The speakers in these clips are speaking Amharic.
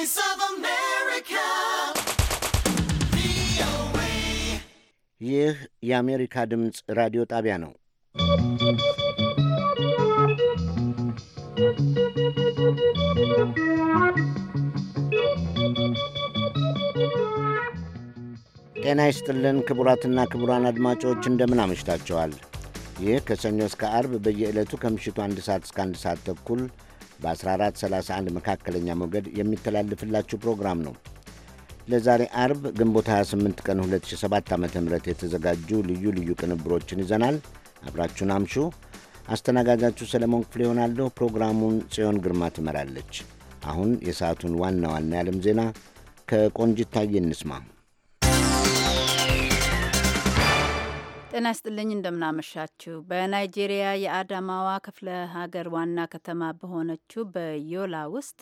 Voice of America. ይህ የአሜሪካ ድምፅ ራዲዮ ጣቢያ ነው። ጤና ይስጥልን ክቡራትና ክቡራን አድማጮች እንደምን አመሽታችኋል። ይህ ከሰኞ እስከ አርብ በየዕለቱ ከምሽቱ አንድ ሰዓት እስከ አንድ ሰዓት ተኩል በ1431 መካከለኛ ሞገድ የሚተላልፍላችሁ ፕሮግራም ነው። ለዛሬ አርብ ግንቦት 28 ቀን 2007 ዓ ም የተዘጋጁ ልዩ ልዩ ቅንብሮችን ይዘናል። አብራችሁን አምሹ። አስተናጋጃችሁ ሰለሞን ክፍሌ ይሆናለሁ። ፕሮግራሙን ጽዮን ግርማ ትመራለች። አሁን የሰዓቱን ዋና ዋና የዓለም ዜና ከቆንጂት ታዬ እንስማ። ጤና ይስጥልኝ እንደምናመሻችሁ። በናይጄሪያ የአዳማዋ ክፍለ ሀገር ዋና ከተማ በሆነችው በዮላ ውስጥ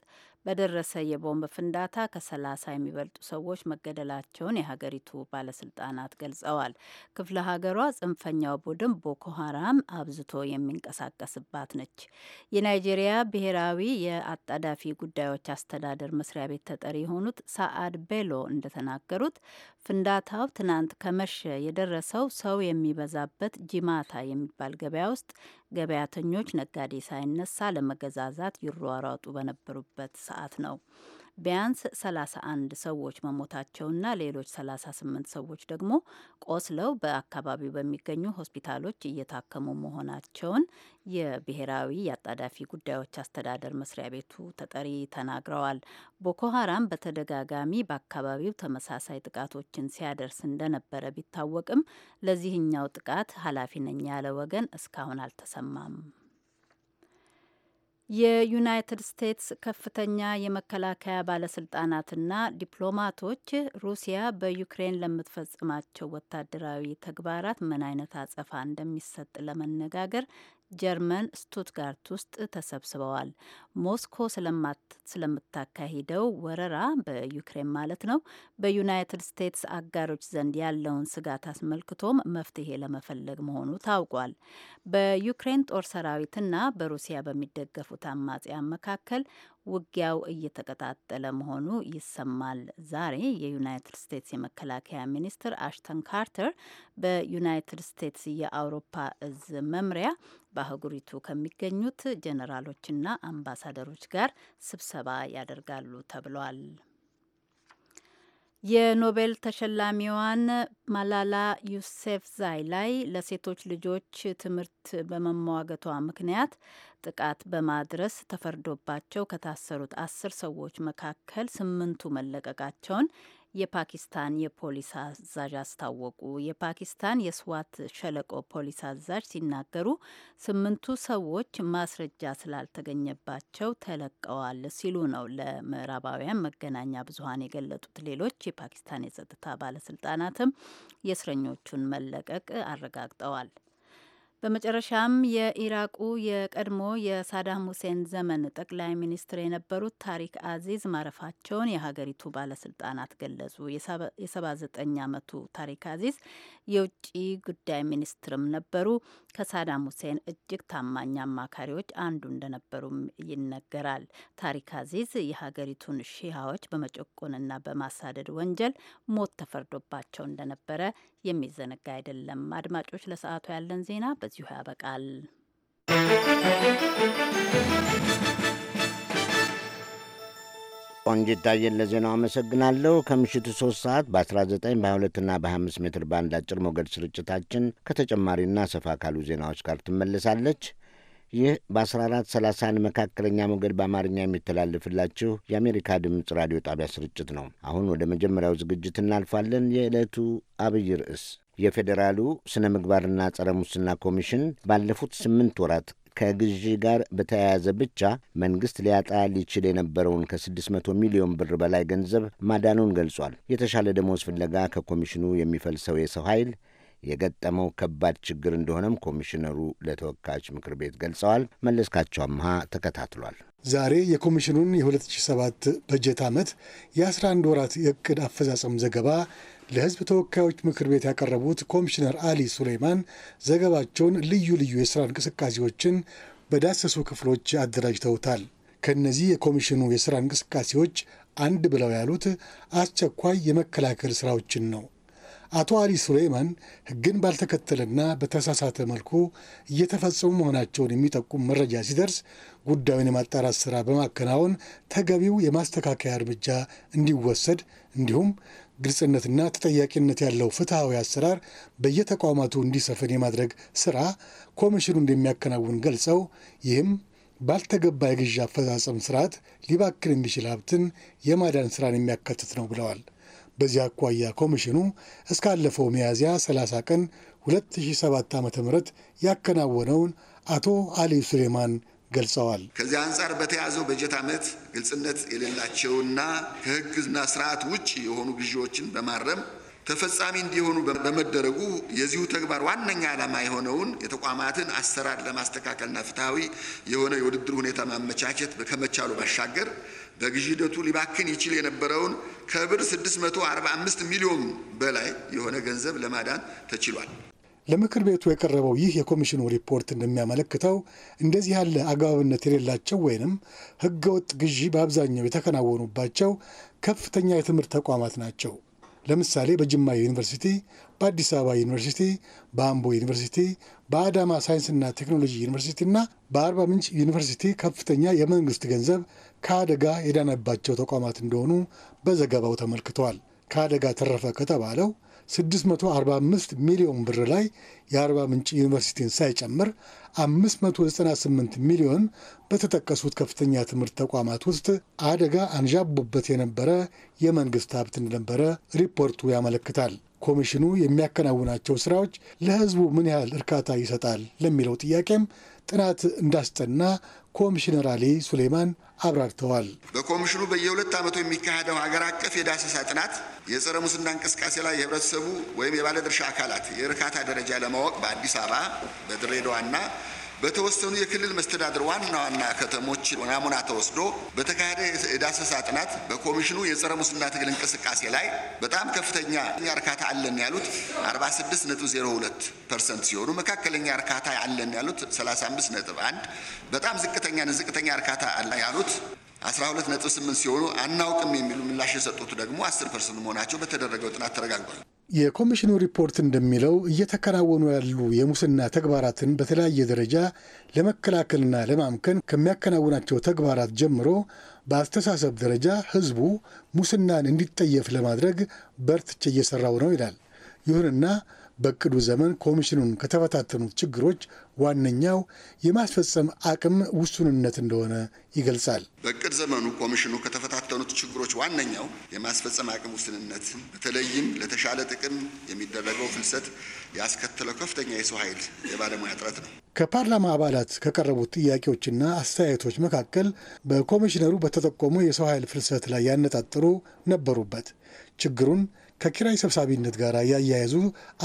በደረሰ የቦምብ ፍንዳታ ከሰላሳ የሚበልጡ ሰዎች መገደላቸውን የሀገሪቱ ባለስልጣናት ገልጸዋል። ክፍለ ሀገሯ ጽንፈኛው ቡድን ቦኮ ሀራም አብዝቶ የሚንቀሳቀስባት ነች። የናይጄሪያ ብሔራዊ የአጣዳፊ ጉዳዮች አስተዳደር መስሪያ ቤት ተጠሪ የሆኑት ሳአድ ቤሎ እንደተናገሩት ፍንዳታው ትናንት ከመሸ የደረሰው ሰው የሚበዛበት ጂማታ የሚባል ገበያ ውስጥ ገበያተኞች ነጋዴ ሳይነሳ ለመገዛዛት ይሯሯጡ በነበሩበት ሰዓት ነው። ቢያንስ 31 ሰዎች መሞታቸውና ሌሎች 38 ሰዎች ደግሞ ቆስለው በአካባቢው በሚገኙ ሆስፒታሎች እየታከሙ መሆናቸውን የብሔራዊ የአጣዳፊ ጉዳዮች አስተዳደር መስሪያ ቤቱ ተጠሪ ተናግረዋል። ቦኮ ሀራም በተደጋጋሚ በአካባቢው ተመሳሳይ ጥቃቶችን ሲያደርስ እንደነበረ ቢታወቅም ለዚህኛው ጥቃት ኃላፊ ነኝ ያለ ወገን እስካሁን አልተሰማም። የዩናይትድ ስቴትስ ከፍተኛ የመከላከያ ባለስልጣናትና ዲፕሎማቶች ሩሲያ በዩክሬን ለምትፈጽማቸው ወታደራዊ ተግባራት ምን አይነት አጸፋ እንደሚሰጥ ለመነጋገር ጀርመን ስቱትጋርት ውስጥ ተሰብስበዋል። ሞስኮ ስለምታካሂደው ወረራ በዩክሬን ማለት ነው በዩናይትድ ስቴትስ አጋሮች ዘንድ ያለውን ስጋት አስመልክቶም መፍትሄ ለመፈለግ መሆኑ ታውቋል። በዩክሬን ጦር ሰራዊትና በሩሲያ በሚደገፉት አማጽያን መካከል ውጊያው እየተቀጣጠለ መሆኑ ይሰማል። ዛሬ የዩናይትድ ስቴትስ የመከላከያ ሚኒስትር አሽተን ካርተር በዩናይትድ ስቴትስ የአውሮፓ እዝ መምሪያ በአህጉሪቱ ከሚገኙት ጀኔራሎችና አምባሳደሮች ጋር ስብሰባ ያደርጋሉ ተብሏል። የኖቤል ተሸላሚዋን ማላላ ዩሴፍ ዛይ ላይ ለሴቶች ልጆች ትምህርት በመሟገቷ ምክንያት ጥቃት በማድረስ ተፈርዶባቸው ከታሰሩት አስር ሰዎች መካከል ስምንቱ መለቀቃቸውን የፓኪስታን የፖሊስ አዛዥ አስታወቁ። የፓኪስታን የስዋት ሸለቆ ፖሊስ አዛዥ ሲናገሩ ስምንቱ ሰዎች ማስረጃ ስላልተገኘባቸው ተለቀዋል ሲሉ ነው ለምዕራባውያን መገናኛ ብዙኃን የገለጡት። ሌሎች የፓኪስታን የጸጥታ ባለስልጣናትም የእስረኞቹን መለቀቅ አረጋግጠዋል። በመጨረሻም የኢራቁ የቀድሞ የሳዳም ሁሴን ዘመን ጠቅላይ ሚኒስትር የነበሩት ታሪክ አዚዝ ማረፋቸውን የሀገሪቱ ባለስልጣናት ገለጹ። የ79 ዓመቱ ታሪክ አዚዝ የውጭ ጉዳይ ሚኒስትርም ነበሩ። ከሳዳም ሁሴን እጅግ ታማኝ አማካሪዎች አንዱ እንደነበሩም ይነገራል። ታሪክ አዚዝ የሀገሪቱን ሺሃዎች በመጨቆንና በማሳደድ ወንጀል ሞት ተፈርዶባቸው እንደነበረ የሚዘነጋ አይደለም። አድማጮች፣ ለሰዓቱ ያለን ዜና በዚሁ ያበቃል። ቆንጅታዬን ለዜናው አመሰግናለሁ። ከምሽቱ 3 ሰዓት በ19 በ22ና በ25 ሜትር ባንድ አጭር ሞገድ ስርጭታችን ከተጨማሪና ሰፋ ካሉ ዜናዎች ጋር ትመለሳለች። ይህ በ1430 መካከለኛ ሞገድ በአማርኛ የሚተላልፍላችሁ የአሜሪካ ድምፅ ራዲዮ ጣቢያ ስርጭት ነው። አሁን ወደ መጀመሪያው ዝግጅት እናልፋለን። የዕለቱ አብይ ርዕስ የፌዴራሉ ስነ ምግባርና ጸረ ሙስና ኮሚሽን ባለፉት ስምንት ወራት ከግዢ ጋር በተያያዘ ብቻ መንግስት ሊያጣ ሊችል የነበረውን ከ600 ሚሊዮን ብር በላይ ገንዘብ ማዳኑን ገልጿል። የተሻለ ደሞዝ ፍለጋ ከኮሚሽኑ የሚፈልሰው የሰው ኃይል የገጠመው ከባድ ችግር እንደሆነም ኮሚሽነሩ ለተወካዮች ምክር ቤት ገልጸዋል። መለስካቸው አምሃ ተከታትሏል። ዛሬ የኮሚሽኑን የ2007 በጀት ዓመት የ11 ወራት የእቅድ አፈጻጸም ዘገባ ለሕዝብ ተወካዮች ምክር ቤት ያቀረቡት ኮሚሽነር አሊ ሱሌይማን ዘገባቸውን ልዩ ልዩ የስራ እንቅስቃሴዎችን በዳሰሱ ክፍሎች አደራጅተውታል። ከእነዚህ የኮሚሽኑ የስራ እንቅስቃሴዎች አንድ ብለው ያሉት አስቸኳይ የመከላከል ስራዎችን ነው። አቶ አሊ ሱሌይማን ሕግን ባልተከተለና በተሳሳተ መልኩ እየተፈጸሙ መሆናቸውን የሚጠቁም መረጃ ሲደርስ ጉዳዩን የማጣራት ሥራ በማከናወን ተገቢው የማስተካከያ እርምጃ እንዲወሰድ እንዲሁም ግልጽነትና ተጠያቂነት ያለው ፍትሐዊ አሰራር በየተቋማቱ እንዲሰፍን የማድረግ ስራ ኮሚሽኑ እንደሚያከናውን ገልጸው ይህም ባልተገባ የግዢ አፈጻጸም ስርዓት ሊባክን የሚችል ሀብትን የማዳን ስራን የሚያካትት ነው ብለዋል። በዚህ አኳያ ኮሚሽኑ እስካለፈው ሚያዝያ 30 ቀን 2007 ዓ.ም ያከናወነውን አቶ አሊ ሱሌማን ገልጸዋል። ከዚህ አንጻር በተያዘው በጀት ዓመት ግልጽነት የሌላቸውና ከህግና ስርዓት ውጭ የሆኑ ግዢዎችን በማረም ተፈጻሚ እንዲሆኑ በመደረጉ የዚሁ ተግባር ዋነኛ ዓላማ የሆነውን የተቋማትን አሰራር ለማስተካከልና ፍትሐዊ የሆነ የውድድር ሁኔታ ማመቻቸት ከመቻሉ ባሻገር በግዢ ሂደቱ ሊባክን ይችል የነበረውን ከብር 645 ሚሊዮን በላይ የሆነ ገንዘብ ለማዳን ተችሏል። ለምክር ቤቱ የቀረበው ይህ የኮሚሽኑ ሪፖርት እንደሚያመለክተው እንደዚህ ያለ አግባብነት የሌላቸው ወይንም ህገወጥ ግዢ በአብዛኛው የተከናወኑባቸው ከፍተኛ የትምህርት ተቋማት ናቸው። ለምሳሌ በጅማ ዩኒቨርሲቲ፣ በአዲስ አበባ ዩኒቨርሲቲ፣ በአምቦ ዩኒቨርሲቲ፣ በአዳማ ሳይንስና ቴክኖሎጂ እና በአርባ ምንጭ ዩኒቨርሲቲ ከፍተኛ የመንግስት ገንዘብ ከአደጋ የዳነባቸው ተቋማት እንደሆኑ በዘገባው ተመልክተዋል። ከአደጋ ተረፈ ከተባለው 645 ሚሊዮን ብር ላይ የአርባ ምንጭ ዩኒቨርሲቲን ሳይጨምር 598 ሚሊዮን በተጠቀሱት ከፍተኛ ትምህርት ተቋማት ውስጥ አደጋ አንዣቦበት የነበረ የመንግስት ሀብት እንደነበረ ሪፖርቱ ያመለክታል። ኮሚሽኑ የሚያከናውናቸው ስራዎች ለሕዝቡ ምን ያህል እርካታ ይሰጣል ለሚለው ጥያቄም ጥናት እንዳስጠና ኮሚሽነር አሊ ሱሌማን አብራርተዋል። በኮሚሽኑ በየሁለት ዓመቱ የሚካሄደው ሀገር አቀፍ የዳሰሳ ጥናት የጸረ ሙስና እንቅስቃሴ ላይ የህብረተሰቡ ወይም የባለድርሻ አካላት የእርካታ ደረጃ ለማወቅ በአዲስ አበባ በድሬዳዋና በተወሰኑ የክልል መስተዳድር ዋና ዋና ከተሞች ናሙና ተወስዶ በተካሄደ የዳሰሳ ጥናት በኮሚሽኑ የጸረ ሙስና ትግል እንቅስቃሴ ላይ በጣም ከፍተኛ እርካታ አለን ያሉት 46.02 ፐርሰንት ሲሆኑ መካከለኛ እርካታ አለን ያሉት 35.1፣ በጣም ዝቅተኛ ዝቅተኛ እርካታ ያሉት 12.8 ሲሆኑ አናውቅም የሚሉ ምላሽ የሰጡት ደግሞ 10 ፐርሰንት መሆናቸው በተደረገው ጥናት ተረጋግጧል። የኮሚሽኑ ሪፖርት እንደሚለው እየተከናወኑ ያሉ የሙስና ተግባራትን በተለያየ ደረጃ ለመከላከልና ለማምከን ከሚያከናውናቸው ተግባራት ጀምሮ በአስተሳሰብ ደረጃ ሕዝቡ ሙስናን እንዲጠየፍ ለማድረግ በርትቼ እየሰራው ነው ይላል። ይሁንና በእቅዱ ዘመን ኮሚሽኑን ከተፈታተኑት ችግሮች ዋነኛው የማስፈጸም አቅም ውሱንነት እንደሆነ ይገልጻል። በእቅድ ዘመኑ ኮሚሽኑ ከተፈታተኑት ችግሮች ዋነኛው የማስፈጸም አቅም ውስንነት፣ በተለይም ለተሻለ ጥቅም የሚደረገው ፍልሰት ያስከተለው ከፍተኛ የሰው ኃይል የባለሙያ እጥረት ነው። ከፓርላማ አባላት ከቀረቡት ጥያቄዎችና አስተያየቶች መካከል በኮሚሽነሩ በተጠቆሙ የሰው ኃይል ፍልሰት ላይ ያነጣጠሩ ነበሩበት ችግሩን ከኪራይ ሰብሳቢነት ጋር ያያያዙ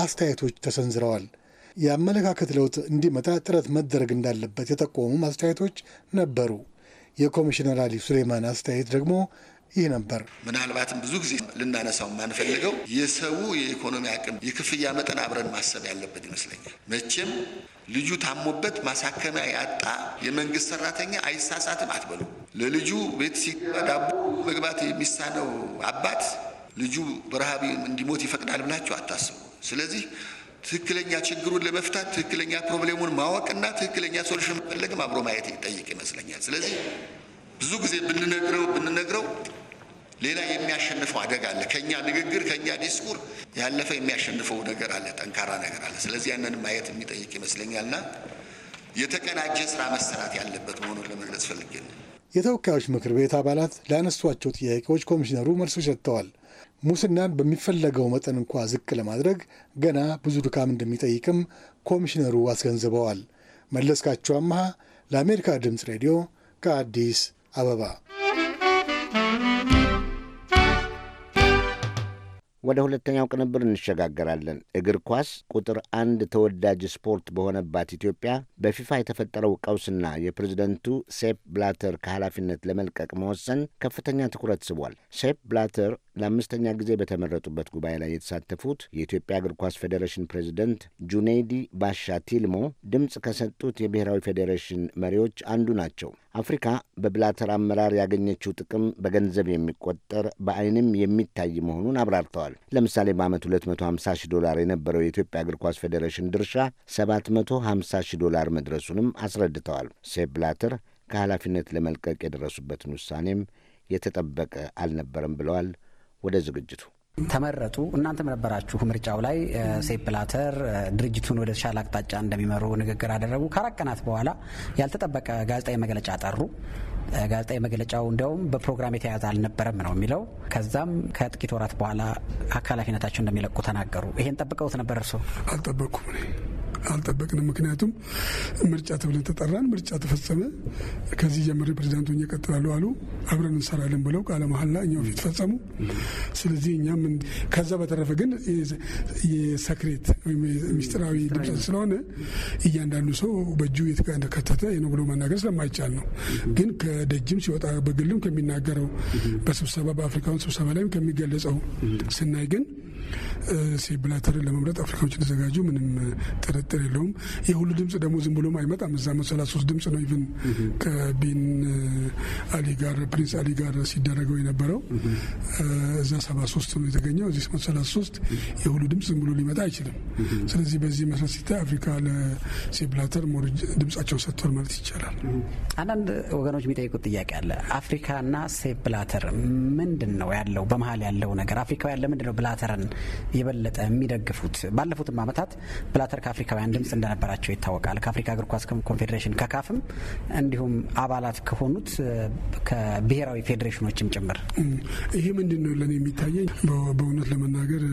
አስተያየቶች ተሰንዝረዋል። የአመለካከት ለውጥ እንዲመጣ ጥረት መደረግ እንዳለበት የጠቆሙም አስተያየቶች ነበሩ። የኮሚሽነር አሊ ሱሌማን አስተያየት ደግሞ ይህ ነበር። ምናልባትም ብዙ ጊዜ ልናነሳው የማንፈልገው የሰው የኢኮኖሚ አቅም፣ የክፍያ መጠን አብረን ማሰብ ያለበት ይመስለኛል። መቼም ልጁ ታሞበት ማሳከሚያ ያጣ የመንግስት ሰራተኛ አይሳሳትም አትበሉ። ለልጁ ቤት ሲገባ ዳቦ መግባት የሚሳነው አባት ልጁ በረሃብ እንዲሞት ይፈቅዳል ብላችሁ አታስቡ። ስለዚህ ትክክለኛ ችግሩን ለመፍታት ትክክለኛ ፕሮብሌሙን ማወቅና ትክክለኛ ሶሉሽን መፈለግም አብሮ ማየት ይጠይቅ ይመስለኛል። ስለዚህ ብዙ ጊዜ ብንነግረው ብንነግረው ሌላ የሚያሸንፈው አደጋ አለ። ከኛ ንግግር ከኛ ዲስኩር ያለፈ የሚያሸንፈው ነገር አለ፣ ጠንካራ ነገር አለ። ስለዚህ ያንን ማየት የሚጠይቅ ይመስለኛልና የተቀናጀ ስራ መሰራት ያለበት መሆኑን ለመግለጽ ፈልጌ የተወካዮች ምክር ቤት አባላት ላነሷቸው ጥያቄዎች ኮሚሽነሩ መልሶ ሰጥተዋል። ሙስናን በሚፈለገው መጠን እንኳ ዝቅ ለማድረግ ገና ብዙ ድካም እንደሚጠይቅም ኮሚሽነሩ አስገንዝበዋል። መለስካቸው አምሃ ለአሜሪካ ድምፅ ሬዲዮ ከአዲስ አበባ። ወደ ሁለተኛው ቅንብር እንሸጋገራለን። እግር ኳስ ቁጥር አንድ ተወዳጅ ስፖርት በሆነባት ኢትዮጵያ በፊፋ የተፈጠረው ቀውስና የፕሬዝደንቱ ሴፕ ብላተር ከኃላፊነት ለመልቀቅ መወሰን ከፍተኛ ትኩረት ስቧል። ሴፕ ብላተር ለአምስተኛ ጊዜ በተመረጡበት ጉባኤ ላይ የተሳተፉት የኢትዮጵያ እግር ኳስ ፌዴሬሽን ፕሬዚደንት ጁኔይዲ ባሻ ቲልሞ ድምፅ ከሰጡት የብሔራዊ ፌዴሬሽን መሪዎች አንዱ ናቸው። አፍሪካ በብላተር አመራር ያገኘችው ጥቅም በገንዘብ የሚቆጠር በአይንም የሚታይ መሆኑን አብራርተዋል። ለምሳሌ በዓመት 250 ሺህ ዶላር የነበረው የኢትዮጵያ እግር ኳስ ፌዴሬሽን ድርሻ 750 ሺህ ዶላር መድረሱንም አስረድተዋል። ሴፕ ብላተር ከኃላፊነት ለመልቀቅ የደረሱበትን ውሳኔም የተጠበቀ አልነበረም ብለዋል። ወደ ዝግጅቱ ተመረጡ። እናንተም ነበራችሁ ምርጫው ላይ። ሴፕ ብላተር ድርጅቱን ወደ ተሻለ አቅጣጫ እንደሚመሩ ንግግር አደረጉ። ከአራት ቀናት በኋላ ያልተጠበቀ ጋዜጣዊ መግለጫ ጠሩ። ጋዜጣዊ መግለጫው እንዲያውም በፕሮግራም የተያዘ አልነበረም ነው የሚለው። ከዛም ከጥቂት ወራት በኋላ ኃላፊነታቸው እንደሚለቁ ተናገሩ። ይሄን ጠብቀውት ነበር እርስዎ? አልጠበቅኩም። አልጠበቅንም። ምክንያቱም ምርጫ ተብለን ተጠራን፣ ምርጫ ተፈጸመ። ከዚህ ጀምሬ ፕሬዚዳንቱ ይቀጥላሉ አሉ። አብረን እንሰራለን ብለው ቃለ መሀላ እኛው ፊት ፈጸሙ። ስለዚህ እኛም ከዛ በተረፈ ግን የሰክሬት ወይም ሚስጥራዊ ድምፅ ስለሆነ እያንዳንዱ ሰው በእጁ የተከተተ ነው ብሎ መናገር ስለማይቻል ነው። ግን ከደጅም ሲወጣ በግልም ከሚናገረው በስብሰባ በአፍሪካውን ስብሰባ ላይም ከሚገለጸው ስናይ ግን ሲብላተርን ለመምረጥ አፍሪካዎች የተዘጋጁ ምንም ጥርጥር የለውም። የሁሉ ድምጽ ደግሞ ዝም ብሎም አይመጣም። እዛ መቶ ሰላሳ ሶስት ድምጽ ነው ኢቨን ከቢን አሊ ጋር ፕሪንስ አሊ ጋር ሲደረገው የነበረው እዛ ሰባ ሶስት ነው የተገኘው። እዚህ መቶ ሶስት የሁሉ ድምጽ ዝም ብሎ ሊመጣ አይችልም። ስለዚህ በዚህ መሰረት ሲታይ አፍሪካ ለሲብላተር ሞር ድምጻቸው ሰጥቷል ማለት ይቻላል። አንዳንድ ወገኖች የሚጠይቁት ጥያቄ አለ። አፍሪካና ሴፕ ብላተር ምንድን ነው ያለው? በመሀል ያለው ነገር አፍሪካ ያለ ምንድን ነው ብላተርን የበለጠ የሚደግፉት። ባለፉትም ዓመታት ብላተር ከአፍሪካውያን ድምፅ እንደነበራቸው ይታወቃል። ከአፍሪካ እግር ኳስ ኮንፌዴሬሽን ከካፍም፣ እንዲሁም አባላት ከሆኑት ከብሔራዊ ፌዴሬሽኖችም ጭምር ይሄ ምንድን ነው ለን የሚታየኝ በእውነት ለመናገር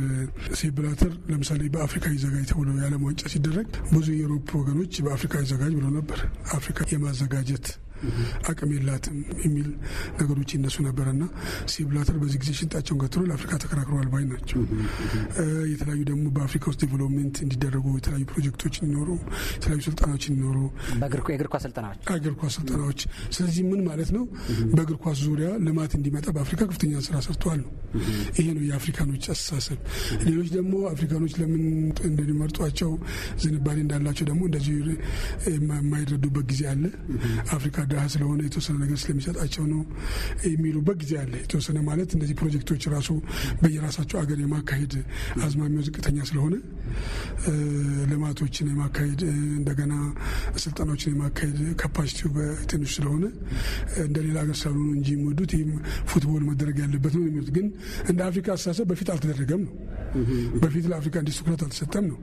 ሴፕ ብላተር ለምሳሌ በአፍሪካ ይዘጋጅ ተብሎ የዓለም ዋንጫ ሲደረግ ብዙ የአውሮፓ ወገኖች በአፍሪካ ይዘጋጅ ብሎ ነበር። አፍሪካ የማዘጋጀት አቅም የላትም የሚል ነገሮች ይነሱ ነበርና ሴፕ ብላተር በዚህ ጊዜ ሽንጣቸውን ገትሮ ለአፍሪካ ተከራክረዋል ባይ ናቸው። የተለያዩ ደግሞ በአፍሪካ ውስጥ ዲቨሎፕመንት እንዲደረጉ የተለያዩ ፕሮጀክቶች እንዲኖሩ፣ የተለያዩ ስልጠናዎች እንዲኖሩ የእግር ኳስ ስልጠናዎች እግር ኳስ ስልጠናዎች። ስለዚህ ምን ማለት ነው? በእግር ኳስ ዙሪያ ልማት እንዲመጣ በአፍሪካ ከፍተኛ ስራ ሰርተዋል ነው። ይሄ ነው የአፍሪካኖች አስተሳሰብ። ሌሎች ደግሞ አፍሪካኖች ለምን እንደሚመርጧቸው ዝንባሌ እንዳላቸው ደግሞ እንደዚህ የማይረዱበት ጊዜ አለ። አፍሪካ ድሀ ስለሆነ የተወሰነ ነገር ስለሚሰጣቸው ነው የሚሉበት ጊዜ አለ። የተወሰነ ማለት እነዚህ ፕሮጀክቶች ራሱ በየራሳቸው አገር የማካሄድ አዝማሚያው ዝቅተኛ ስለሆነ ልማቶችን የማካሄድ እንደገና ስልጠናዎችን የማካሄድ ካፓሲቲው በትንሽ ስለሆነ እንደ ሌላ ሀገር ስላልሆኑ እንጂ የሚወዱት ይህም ፉትቦል መደረግ ያለበት ነው የሚሉት ግን እንደ አፍሪካ አስተሳሰብ በፊት አልተደረገም ነው። በፊት ለአፍሪካ እንዲህ ትኩረት አልተሰጠም ነው።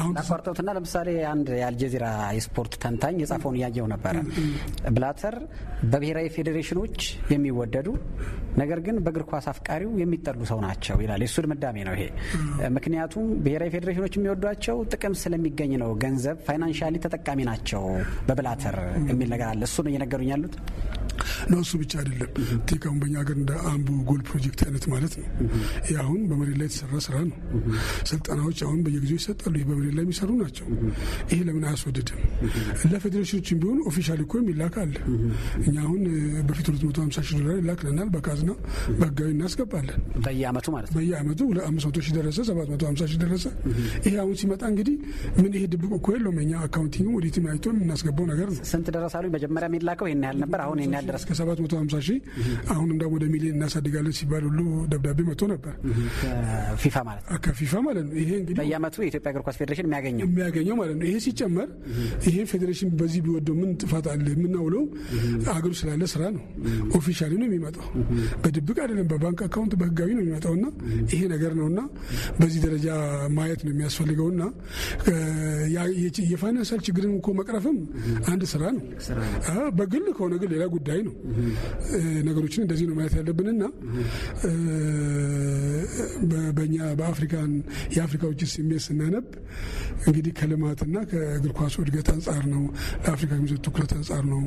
አሁን ላቋርጦትና ለምሳሌ አንድ የአልጀዚራ የስፖርት ተንታኝ የጻፈውን እያየው ነበረ ብላ በማሳሰር በብሔራዊ ፌዴሬሽኖች የሚወደዱ ነገር ግን በእግር ኳስ አፍቃሪው የሚጠሉ ሰው ናቸው ይላል። የእሱ ድምዳሜ ነው ይሄ። ምክንያቱም ብሔራዊ ፌዴሬሽኖች የሚወዷቸው ጥቅም ስለሚገኝ ነው፣ ገንዘብ ፋይናንሻሊ ተጠቃሚ ናቸው በብላተር የሚል ነገር አለ። እሱ ነው እየነገሩኝ ያሉት። ነው። እሱ ብቻ አይደለም። ቴክ አሁን ሀገር እንደ አምቡ ጎል ፕሮጀክት አይነት ማለት ነው። ይህ አሁን በመሬት ላይ የተሰራ ስራ ነው። ስልጠናዎች አሁን በየጊዜው ይሰጣሉ። ይህ በመሬት ላይ የሚሰሩ ናቸው። ይህ ለምን አያስወድድም? ለፌዴሬሽኖችም ቢሆን ኦፊሻል እኮ የሚላክ አለ። እኛ አሁን በፊት 250 ሺህ ዶላር ይላክልናል። በካዝና በህጋዊ እናስገባለን። በየአመቱ ማለት ነው። በየአመቱ 500 ሺህ ደረሰ፣ 750 ሺህ ደረሰ። ይሄ አሁን ሲመጣ እንግዲህ ምን ይሄ ድብቅ እኮ የለውም። እኛ አካውንቲንግ ወዴትም አይቶ የምናስገባው ነገር ነው። ስንት ደረሳሉ? መጀመሪያ የሚላከው ይህን ያህል ነበር። አሁን ይህን ያህል እስከ 750 ሺህ አሁንም ደግሞ ወደ ሚሊዮን እናሳድጋለን ሲባል ሁሉ ደብዳቤ መጥቶ ነበር ፊፋ ማለት ነው ከፊፋ ማለት ነው። ይሄ እንግዲህ በየአመቱ የኢትዮጵያ እግር ኳስ ፌዴሬሽን የሚያገኘው የሚያገኘው ማለት ነው። ይሄ ሲጨመር ይሄ ፌዴሬሽን በዚህ ቢወደው ምን ጥፋት አለ? የምናውለው አገሩ ስላለ ስራ ነው። ኦፊሻሊ ነው የሚመጣው፣ በድብቅ አይደለም። በባንክ አካውንት በህጋዊ ነው የሚመጣው እና ይሄ ነገር ነው እና በዚህ ደረጃ ማየት ነው የሚያስፈልገው እና የፋይናንሳል ችግርን እኮ መቅረፍም አንድ ስራ ነው። በግል ከሆነ ግን ሌላ ጉዳይ ነው። ነገሮችን እንደዚህ ነው ማየት ያለብንና በኛ በአፍሪካን የአፍሪካዎች ስሜት ስናነብ እንግዲህ ከልማትና ከእግር ኳሱ እድገት አንጻር ነው ለአፍሪካ የሚሰጥ ትኩረት አንጻር ነው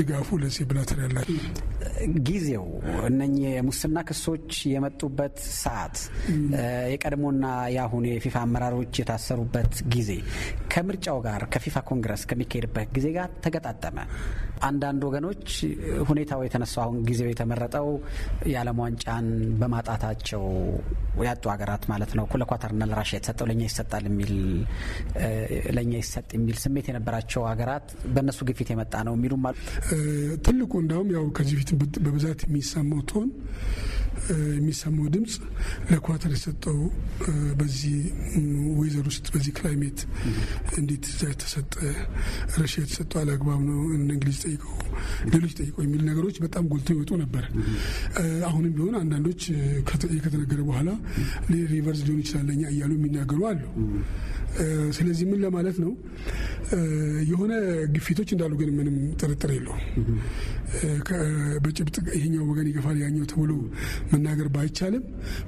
ድጋፉ ለሴ ብላተር ያላቸው ጊዜው እነኚህ የሙስና ክሶች የመጡበት ሰዓት የቀድሞና የአሁኑ የፊፋ አመራሮች የታሰሩበት ጊዜ ከምርጫው ጋር ከፊፋ ኮንግረስ ከሚካሄድበት ጊዜ ጋር ተገጣጠመ። አንዳንድ ወገኖች ሁኔታው የተነሳው አሁን ጊዜው የተመረጠው የዓለም ዋንጫን በማጣታቸው ያጡ ሀገራት ማለት ነው። ለኳታርና ለራሽያ የተሰጠው ለእኛ ይሰጣል የሚል ለእኛ ይሰጥ የሚል ስሜት የነበራቸው ሀገራት በእነሱ ግፊት የመጣ ነው የሚሉም አሉ። ትልቁ እንዲያውም ያው ከዚህ በፊት በብዛት የሚሰማው ትሆን የሚሰማው ድምፅ ለኳተር የሰጠው በዚህ ወይዘር ውስጥ በዚህ ክላይሜት እንዴት እዛ የተሰጠ ረሽያ የተሰጠው አላግባብ ነው እነ እንግሊዝ ጠይቀው ሌሎች ጠይቀው የሚል ነገሮች በጣም ጎልተው ይወጡ ነበር። አሁንም ቢሆን አንዳንዶች ከተነገረ በኋላ ሪቨርስ ሊሆን ይችላል እኛ እያሉ የሚናገሩ አሉ። ስለዚህ ምን ለማለት ነው የሆነ ግፊቶች እንዳሉ ግን ምንም ጥርጥር የለውም። በጭብጥ ይሄኛው ወገን ይገፋል ያኛው ተብሎ መናገር ባይቻልም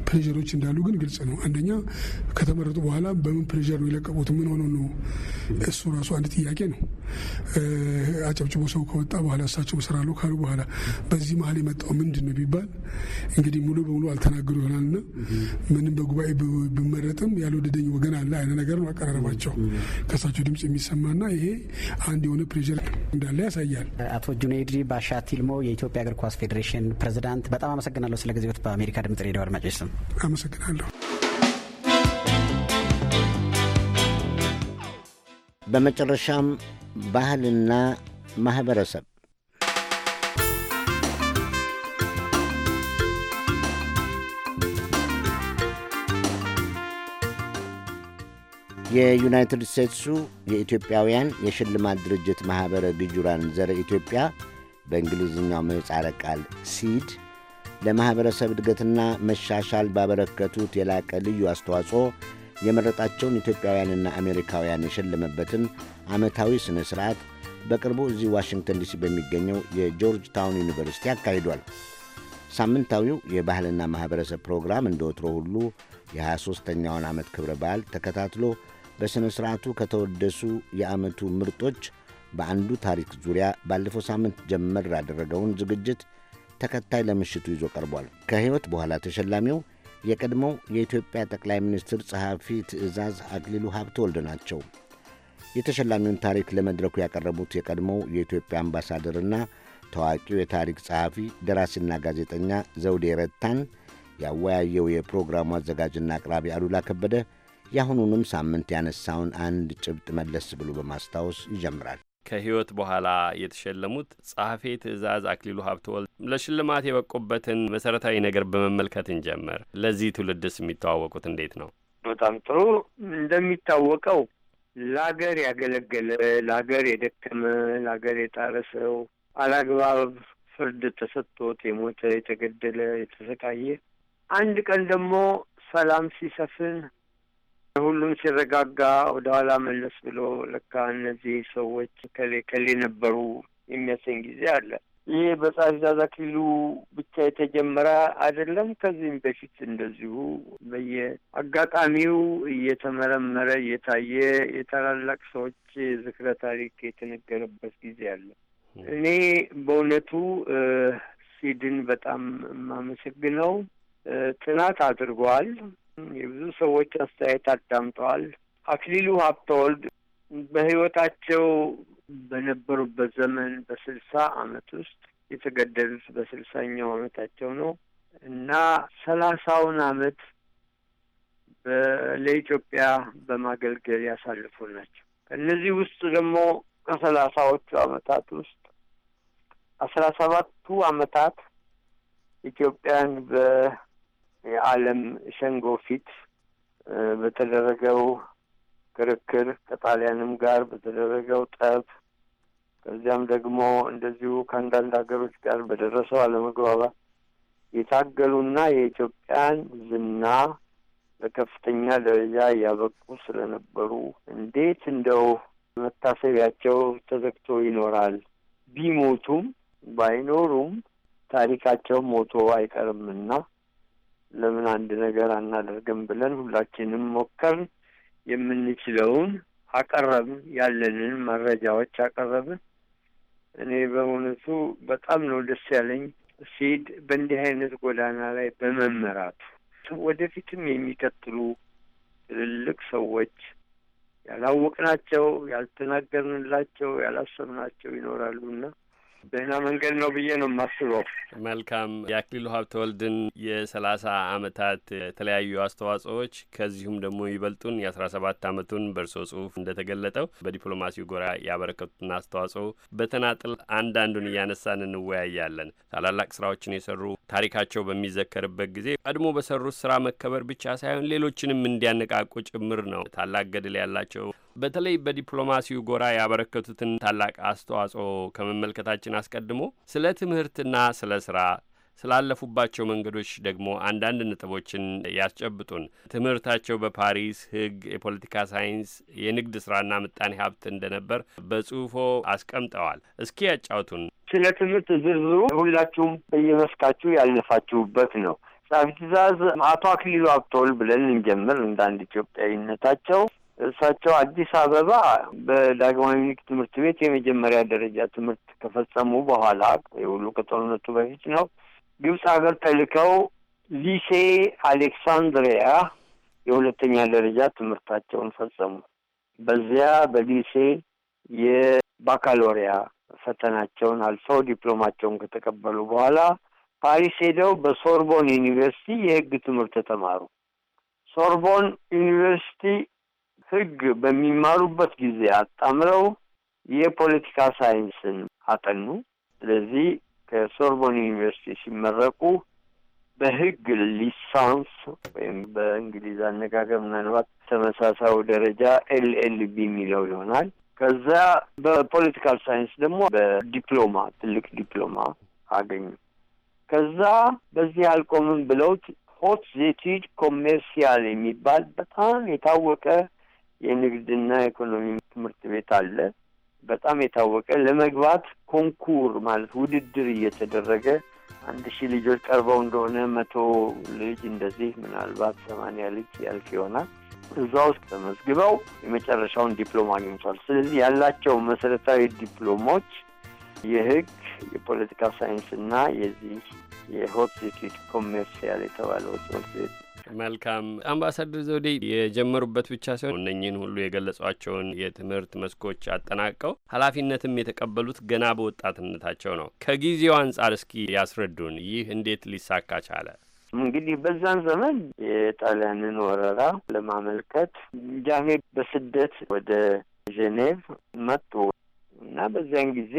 ፕሬዠሮች እንዳሉ ግን ግልጽ ነው። አንደኛ ከተመረጡ በኋላ በምን ፕሬዠር ነው የለቀቁት? ምን ሆኖ ነው? እሱ ራሱ አንድ ጥያቄ ነው። አጨብጭቦ ሰው ከወጣ በኋላ እሳቸው እሰራለሁ ካሉ በኋላ በዚህ መሀል የመጣው ምንድን ነው ቢባል እንግዲህ ሙሉ በሙሉ አልተናገሩ ይሆናልና ምንም በጉባኤ ብመረጥም ያልወደደኝ ወገን አለ አይነ ነገር ነው አቀራረባቸው ከእሳቸው ድምጽ የሚሰማና ይሄ አንድ የሆነ ፕሬር እንዳለ ያሳያል። አቶ ጁኔይድ ባሻ ቲልሞ የኢትዮጵያ እግር ኳስ ፌዴሬሽን ፕሬዝዳንት፣ በጣም አመሰግናለሁ ስለ ጊዜዎት። በአሜሪካ ድምጽ ሬዲዮ አድማጮች ስም አመሰግናለሁ። በመጨረሻም ባህልና ማህበረሰብ የዩናይትድ ስቴትሱ የኢትዮጵያውያን የሽልማት ድርጅት ማኅበረ ግጁራን ዘረ ኢትዮጵያ በእንግሊዝኛው ምህጻረ ቃል ሲድ ለማኅበረሰብ እድገትና መሻሻል ባበረከቱት የላቀ ልዩ አስተዋጽኦ የመረጣቸውን ኢትዮጵያውያንና አሜሪካውያን የሸለመበትን ዓመታዊ ሥነ ሥርዓት በቅርቡ እዚህ ዋሽንግተን ዲሲ በሚገኘው የጆርጅ ታውን ዩኒቨርሲቲ አካሂዷል። ሳምንታዊው የባህልና ማኅበረሰብ ፕሮግራም እንደ ወትሮ ሁሉ የ23ኛውን ዓመት ክብረ በዓል ተከታትሎ በሥነ ሥርዓቱ ከተወደሱ የዓመቱ ምርጦች በአንዱ ታሪክ ዙሪያ ባለፈው ሳምንት ጀመር ያደረገውን ዝግጅት ተከታይ ለምሽቱ ይዞ ቀርቧል። ከሕይወት በኋላ ተሸላሚው የቀድሞው የኢትዮጵያ ጠቅላይ ሚኒስትር ጸሐፊ ትእዛዝ አክሊሉ ወልድ ናቸው። የተሸላሚውን ታሪክ ለመድረኩ ያቀረቡት የቀድሞው የኢትዮጵያ አምባሳደርና ታዋቂው የታሪክ ጸሐፊ ደራሲና ጋዜጠኛ ዘውዴ ረታን ያወያየው የፕሮግራሙ አዘጋጅና አቅራቢ አሉላ ከበደ የአሁኑንም ሳምንት ያነሳውን አንድ ጭብጥ መለስ ብሎ በማስታወስ ይጀምራል። ከህይወት በኋላ የተሸለሙት ጸሐፌ ትእዛዝ አክሊሉ ሀብተወልድ ለሽልማት የበቁበትን መሰረታዊ ነገር በመመልከት እንጀምር። ለዚህ ትውልድስ የሚተዋወቁት እንዴት ነው? በጣም ጥሩ። እንደሚታወቀው ለሀገር ያገለገለ ለሀገር የደከመ ለሀገር የጣረ ሰው አላግባብ ፍርድ ተሰጥቶት የሞተ የተገደለ የተሰቃየ አንድ ቀን ደግሞ ሰላም ሲሰፍን ሁሉም ሲረጋጋ ወደ ኋላ መለስ ብሎ ለካ እነዚህ ሰዎች ከሌ ከሌ ነበሩ የሚያሰኝ ጊዜ አለ። ይሄ በጻዛዛ ክሉ ብቻ የተጀመረ አይደለም። ከዚህም በፊት እንደዚሁ በየአጋጣሚው እየተመረመረ እየታየ የታላላቅ ሰዎች ዝክረ ታሪክ የተነገረበት ጊዜ አለ። እኔ በእውነቱ ሲድን በጣም የማመሰግነው ጥናት አድርጓል የብዙ ሰዎች አስተያየት አዳምጠዋል። አክሊሉ ሀብተወልድ በህይወታቸው በነበሩበት ዘመን በስልሳ አመት ውስጥ የተገደሉት በስልሳኛው አመታቸው ነው እና ሰላሳውን አመት ለኢትዮጵያ በማገልገል ያሳልፉ ናቸው። ከእነዚህ ውስጥ ደግሞ ከሰላሳዎቹ አመታት ውስጥ አስራ ሰባቱ አመታት ኢትዮጵያን በ የዓለም ሸንጎ ፊት በተደረገው ክርክር ከጣሊያንም ጋር በተደረገው ጠብ ከዚያም ደግሞ እንደዚሁ ከአንዳንድ ሀገሮች ጋር በደረሰው አለመግባባት የታገሉና የኢትዮጵያን ዝና በከፍተኛ ደረጃ እያበቁ ስለነበሩ እንዴት እንደው መታሰቢያቸው ተዘግቶ ይኖራል። ቢሞቱም ባይኖሩም ታሪካቸው ሞቶ አይቀርምና ለምን አንድ ነገር አናደርግም ብለን ሁላችንም ሞከርን። የምንችለውን አቀረብን፣ ያለንን መረጃዎች አቀረብን። እኔ በእውነቱ በጣም ነው ደስ ያለኝ ሲሄድ በእንዲህ አይነት ጎዳና ላይ በመመራቱ ወደፊትም የሚቀጥሉ ትልልቅ ሰዎች ያላወቅናቸው፣ ያልተናገርንላቸው፣ ያላሰብናቸው ይኖራሉና ደህና መንገድ ነው ብዬ ነው የማስበው። መልካም የአክሊሉ ሀብተወልድን የሰላሳ አመታት የተለያዩ አስተዋጽኦዎች ከዚሁም ደግሞ ይበልጡን የአስራ ሰባት አመቱን በእርሶ ጽሁፍ እንደተገለጠው በዲፕሎማሲው ጎራ ያበረከቱትን አስተዋጽኦ በተናጥል አንዳንዱን እያነሳን እንወያያለን። ታላላቅ ስራዎችን የሰሩ ታሪካቸው በሚዘከርበት ጊዜ ቀድሞ በሰሩት ስራ መከበር ብቻ ሳይሆን ሌሎችንም እንዲያነቃቁ ጭምር ነው። ታላቅ ገድል ያላቸው በተለይ በዲፕሎማሲው ጎራ ያበረከቱትን ታላቅ አስተዋጽኦ ከመመልከታችን ግን አስቀድሞ ስለ ትምህርትና ስለ ስራ ስላለፉባቸው መንገዶች ደግሞ አንዳንድ ነጥቦችን ያስጨብጡን። ትምህርታቸው በፓሪስ ሕግ፣ የፖለቲካ ሳይንስ፣ የንግድ ስራና ምጣኔ ሀብት እንደነበር በጽሁፎ አስቀምጠዋል። እስኪ ያጫውቱን ስለ ትምህርት ዝርዝሩ። ሁላችሁም በየመስካችሁ ያለፋችሁበት ነው። ጸሐፊ ትእዛዝ አቶ አክሊሉ ሀብተወልድ ብለን እንጀምር። እንዳንድ ኢትዮጵያዊነታቸው እሳቸው አዲስ አበባ በዳግማዊ ምኒልክ ትምህርት ቤት የመጀመሪያ ደረጃ ትምህርት ከፈጸሙ በኋላ የሁሉ ከጦርነቱ በፊት ነው። ግብፅ ሀገር ተልከው ሊሴ አሌክሳንድሪያ የሁለተኛ ደረጃ ትምህርታቸውን ፈጸሙ። በዚያ በሊሴ የባካሎሪያ ፈተናቸውን አልፈው ዲፕሎማቸውን ከተቀበሉ በኋላ ፓሪስ ሄደው በሶርቦን ዩኒቨርሲቲ የህግ ትምህርት ተማሩ። ሶርቦን ዩኒቨርሲቲ ህግ በሚማሩበት ጊዜ አጣምረው የፖለቲካ ሳይንስን አጠኑ። ስለዚህ ከሶርቦን ዩኒቨርሲቲ ሲመረቁ በህግ ሊሳንስ ወይም በእንግሊዝ አነጋገር ምናልባት ተመሳሳዩ ደረጃ ኤልኤልቢ የሚለው ይሆናል። ከዛ በፖለቲካል ሳይንስ ደግሞ በዲፕሎማ ትልቅ ዲፕሎማ አገኙ። ከዛ በዚህ አልቆምም ብለውት ሆት ዜቲድ ኮሜርሲያል የሚባል በጣም የታወቀ የንግድና ኢኮኖሚ ትምህርት ቤት አለ። በጣም የታወቀ ለመግባት ኮንኩር ማለት ውድድር እየተደረገ አንድ ሺህ ልጆች ቀርበው እንደሆነ መቶ ልጅ እንደዚህ ምናልባት ሰማንያ ልጅ ያልክ ይሆናል እዛ ውስጥ ተመዝግበው የመጨረሻውን ዲፕሎማ አግኝቷል። ስለዚህ ያላቸው መሰረታዊ ዲፕሎሞች የህግ የፖለቲካ ሳይንስ እና የዚህ የሆፕ ኮሜርሲያል የተባለው ትምህርት ቤት መልካም አምባሳደር ዘውዴ የጀመሩበት ብቻ ሳይሆን እነኚህን ሁሉ የገለጿቸውን የትምህርት መስኮች አጠናቀው ኃላፊነትም የተቀበሉት ገና በወጣትነታቸው ነው። ከጊዜው አንጻር እስኪ ያስረዱን፣ ይህ እንዴት ሊሳካ ቻለ? እንግዲህ በዛን ዘመን የጣሊያንን ወረራ ለማመልከት ጃሜ በስደት ወደ ጄኔቭ መጡ እና በዚያን ጊዜ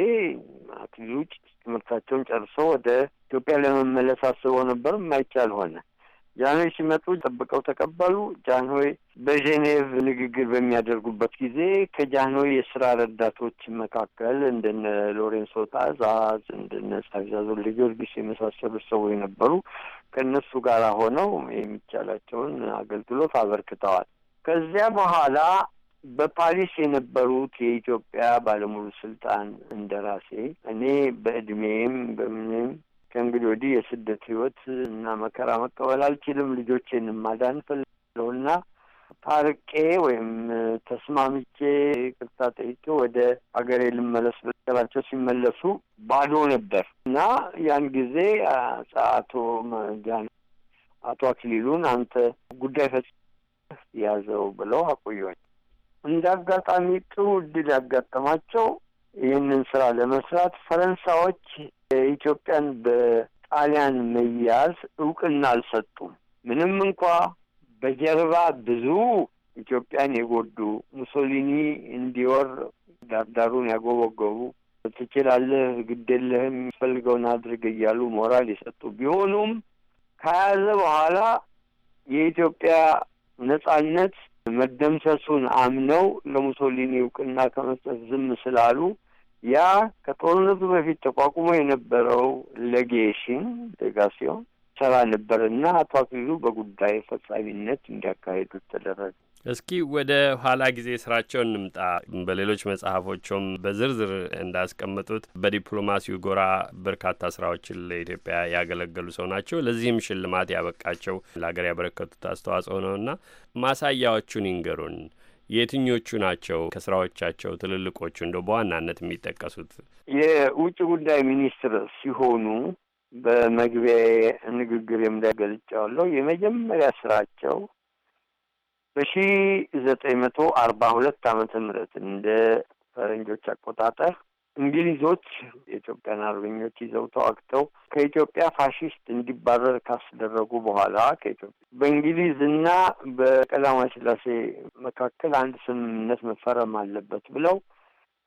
አክሊሉ ትምህርታቸውን ጨርሶ ወደ ኢትዮጵያ ለመመለስ አስበው ነበር። የማይቻል ሆነ። ጃንሆይ ሲመጡ ጠብቀው ተቀበሉ። ጃንሆይ በጄኔቭ ንግግር በሚያደርጉበት ጊዜ ከጃንሆይ የስራ ረዳቶች መካከል እንደነ ሎሬንሶ ታዛዝ፣ እንደነ ሳቪዛዞ ጊዮርጊስ የመሳሰሉት ሰዎች ነበሩ። ከእነሱ ጋር ሆነው የሚቻላቸውን አገልግሎት አበርክተዋል። ከዚያ በኋላ በፓሪስ የነበሩት የኢትዮጵያ ባለሙሉ ስልጣን እንደራሴ እኔ በእድሜም በምንም ከእንግዲህ ወዲህ የስደት ህይወት እና መከራ መቀበል አልችልም፣ ልጆቼን ማዳን ፈለው እና ታርቄ ወይም ተስማምቼ ቅርታ ጠይቄ ወደ ሀገሬ ልመለስ ብላቸው ሲመለሱ ባዶ ነበር እና ያን ጊዜ አቶ መጃን አቶ አክሊሉን አንተ ጉዳይ ፈጽ ያዘው ብለው አቆየኝ። እንደ አጋጣሚ ጥሩ እድል ያጋጠማቸው ይህንን ስራ ለመስራት ፈረንሳዮች የኢትዮጵያን በጣሊያን መያዝ እውቅና አልሰጡም። ምንም እንኳ በጀርባ ብዙ ኢትዮጵያን የጎዱ ሙሶሊኒ እንዲወር ዳርዳሩን ያጎበጎቡ ትችላለህ፣ ግዴለህም፣ የሚፈልገውን አድርግ እያሉ ሞራል የሰጡ ቢሆኑም ከያዘ በኋላ የኢትዮጵያ ነጻነት መደምሰሱን አምነው ለሙሶሊኒ እውቅና ከመስጠት ዝም ስላሉ ያ ከጦርነቱ በፊት ተቋቁሞ የነበረው ሌጌሽን ሌጋሲዮን ሰራ ነበርና አቶ አክሊሉ በጉዳይ ፈጻሚነት እንዲያካሄዱ ተደረገ። እስኪ ወደ ኋላ ጊዜ ስራቸው እንምጣ። በሌሎች መጽሐፎቹም በዝርዝር እንዳስቀመጡት በዲፕሎማሲው ጎራ በርካታ ስራዎችን ለኢትዮጵያ ያገለገሉ ሰው ናቸው። ለዚህም ሽልማት ያበቃቸው ለሀገር ያበረከቱት አስተዋጽኦ ነውና ማሳያዎቹን ይንገሩን። የትኞቹ ናቸው ከስራዎቻቸው ትልልቆቹ እንደ በዋናነት የሚጠቀሱት? የውጭ ጉዳይ ሚኒስትር ሲሆኑ በመግቢያ ንግግር የምዳገልጫዋለሁ የመጀመሪያ ስራቸው በሺ ዘጠኝ መቶ አርባ ሁለት አመተ ምህረት እንደ ፈረንጆች አቆጣጠር እንግሊዞች የኢትዮጵያን አርበኞች ይዘው ተዋግተው ከኢትዮጵያ ፋሽስት እንዲባረር ካስደረጉ በኋላ ከኢትዮጵያ በእንግሊዝና በቀዳማዊ ሥላሴ መካከል አንድ ስምምነት መፈረም አለበት ብለው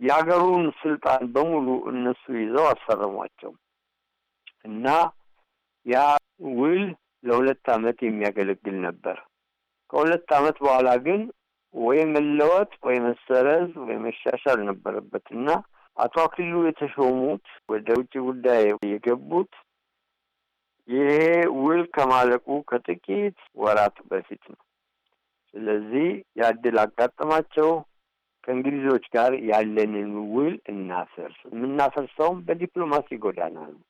የሀገሩን ስልጣን በሙሉ እነሱ ይዘው አስፈረሟቸው እና ያ ውል ለሁለት ዓመት የሚያገለግል ነበር። ከሁለት ዓመት በኋላ ግን ወይ መለወጥ ወይ መሰረዝ ወይ መሻሻል ነበረበት እና አቶ አክሊሉ የተሾሙት ወደ ውጭ ጉዳይ የገቡት ይሄ ውል ከማለቁ ከጥቂት ወራት በፊት ነው። ስለዚህ ያድል አጋጠማቸው። ከእንግሊዞች ጋር ያለንን ውል እናፈርስ፣ የምናፈርሰውም በዲፕሎማሲ ጎዳና ነው።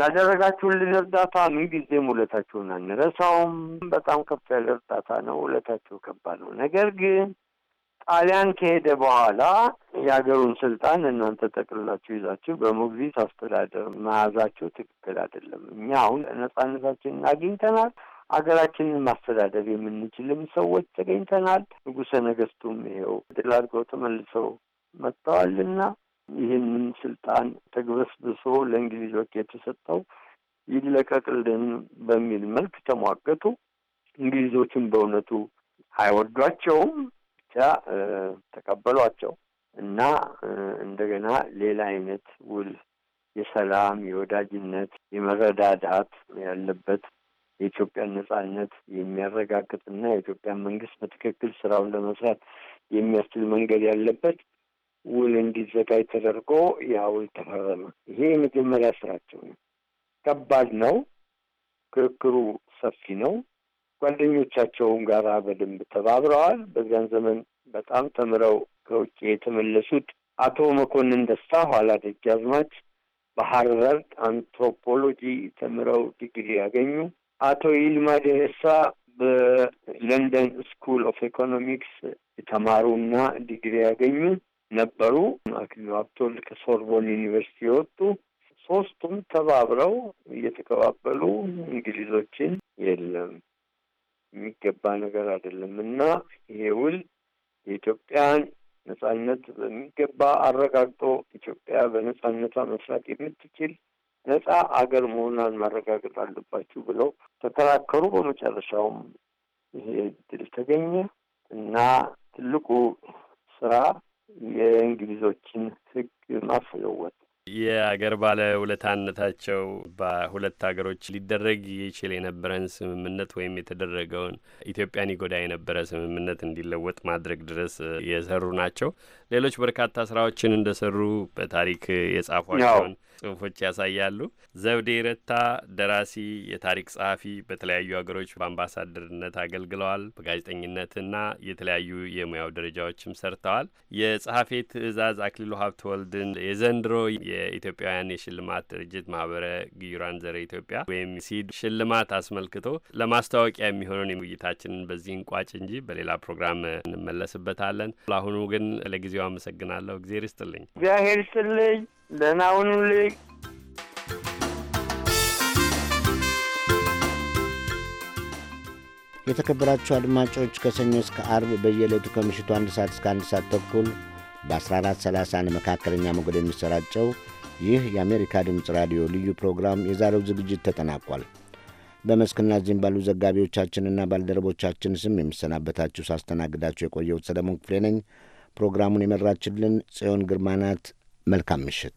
ላደረጋችሁልን እርዳታ ምንጊዜም ውለታችሁን አንረሳውም። በጣም ከፍ ያለ እርዳታ ነው። ውለታችሁ ከባድ ነው። ነገር ግን ጣሊያን ከሄደ በኋላ የሀገሩን ስልጣን እናንተ ጠቅልላችሁ ይዛችሁ በሞግዚት አስተዳደር መያዛችሁ ትክክል አይደለም። እኛ አሁን ነጻነታችንን አግኝተናል። ሀገራችንን ማስተዳደር የምንችልም ሰዎች ተገኝተናል። ንጉሠ ነገሥቱም ይኸው ድል አድርገው ተመልሰው መጥተዋልና ይህንን ስልጣን ተግበስብሶ ለእንግሊዞች የተሰጠው ይለቀቅልን በሚል መልክ ተሟገቱ። እንግሊዞችን በእውነቱ አይወዷቸውም። ብቻ ተቀበሏቸው እና እንደገና ሌላ አይነት ውል የሰላም፣ የወዳጅነት፣ የመረዳዳት ያለበት የኢትዮጵያን ነጻነት የሚያረጋግጥና የኢትዮጵያን መንግስት በትክክል ስራውን ለመስራት የሚያስችል መንገድ ያለበት ውል እንዲዘጋጅ ተደርጎ ያ ውል ተፈረመ። ይሄ የመጀመሪያ ስራቸው ነው። ከባድ ነው። ክርክሩ ሰፊ ነው። ጓደኞቻቸውም ጋር በደንብ ተባብረዋል። በዚያን ዘመን በጣም ተምረው ከውጭ የተመለሱት አቶ መኮንን ደስታ ኋላ ደጃዝማች በሀርቨርድ አንትሮፖሎጂ ተምረው ዲግሪ ያገኙ፣ አቶ ይልማ ደሬሳ በለንደን ስኩል ኦፍ ኢኮኖሚክስ የተማሩና ዲግሪ ያገኙ ነበሩ። አክሊሉ ሀብተወልድ ከሶርቦን ዩኒቨርሲቲ የወጡ ሶስቱም ተባብረው እየተቀባበሉ እንግሊዞችን የለም የሚገባ ነገር አይደለም እና ይሄ ውል የኢትዮጵያን ነጻነት በሚገባ አረጋግጦ ኢትዮጵያ በነጻነቷ መስራት የምትችል ነጻ አገር መሆኗን ማረጋገጥ አለባችሁ ብለው ተከራከሩ። በመጨረሻውም ይሄ ድል ተገኘ እና ትልቁ ስራ የእንግሊዞችን ሕግ ማስለወጥ የአገር ውለታነታቸው በሁለት ሀገሮች ሊደረግ ይችል የነበረን ስምምነት ወይም የተደረገውን ኢትዮጵያን ይጎዳ የነበረ ስምምነት እንዲለወጥ ማድረግ ድረስ የሰሩ ናቸው። ሌሎች በርካታ ስራዎችን እንደሰሩ በታሪክ የጻፏቸውን ጽሁፎች ያሳያሉ። ዘውዴ ረታ ደራሲ፣ የታሪክ ጸሐፊ፣ በተለያዩ ሀገሮች በአምባሳደርነት አገልግለዋል። በጋዜጠኝነትና የተለያዩ የሙያው ደረጃዎችም ሰርተዋል። የጸሐፌ ትእዛዝ አክሊሉ ሀብተ ወልድን የዘንድሮ የኢትዮጵያውያን የሽልማት ድርጅት ማህበረ ግዩራን ዘረ ኢትዮጵያ ወይም ሲድ ሽልማት አስመልክቶ ለማስታወቂያ የሚሆነውን ውይይታችንን በዚህ እንቋጭ እንጂ በሌላ ፕሮግራም እንመለስበታለን። ለአሁኑ ግን ለጊዜው አመሰግናለሁ። እግዜር ይስጥልኝ። እግዚአብሔር ይስጥልኝ። ደህና ሁኑልኝ። የተከበራችሁ አድማጮች ከሰኞ እስከ አርብ በየዕለቱ ከምሽቱ አንድ ሰዓት እስከ አንድ ሰዓት ተኩል በ1431 መካከለኛ ሞገድ የሚሰራጨው ይህ የአሜሪካ ድምፅ ራዲዮ ልዩ ፕሮግራም የዛሬው ዝግጅት ተጠናቋል። በመስክና እዚህም ባሉ ዘጋቢዎቻችንና ባልደረቦቻችን ስም የምሰናበታችሁ ሳስተናግዳችሁ የቆየሁት ሰለሞን ክፍሌ ነኝ። ፕሮግራሙን የመራችልን ጽዮን ግርማ ናት። መልካም ምሽት።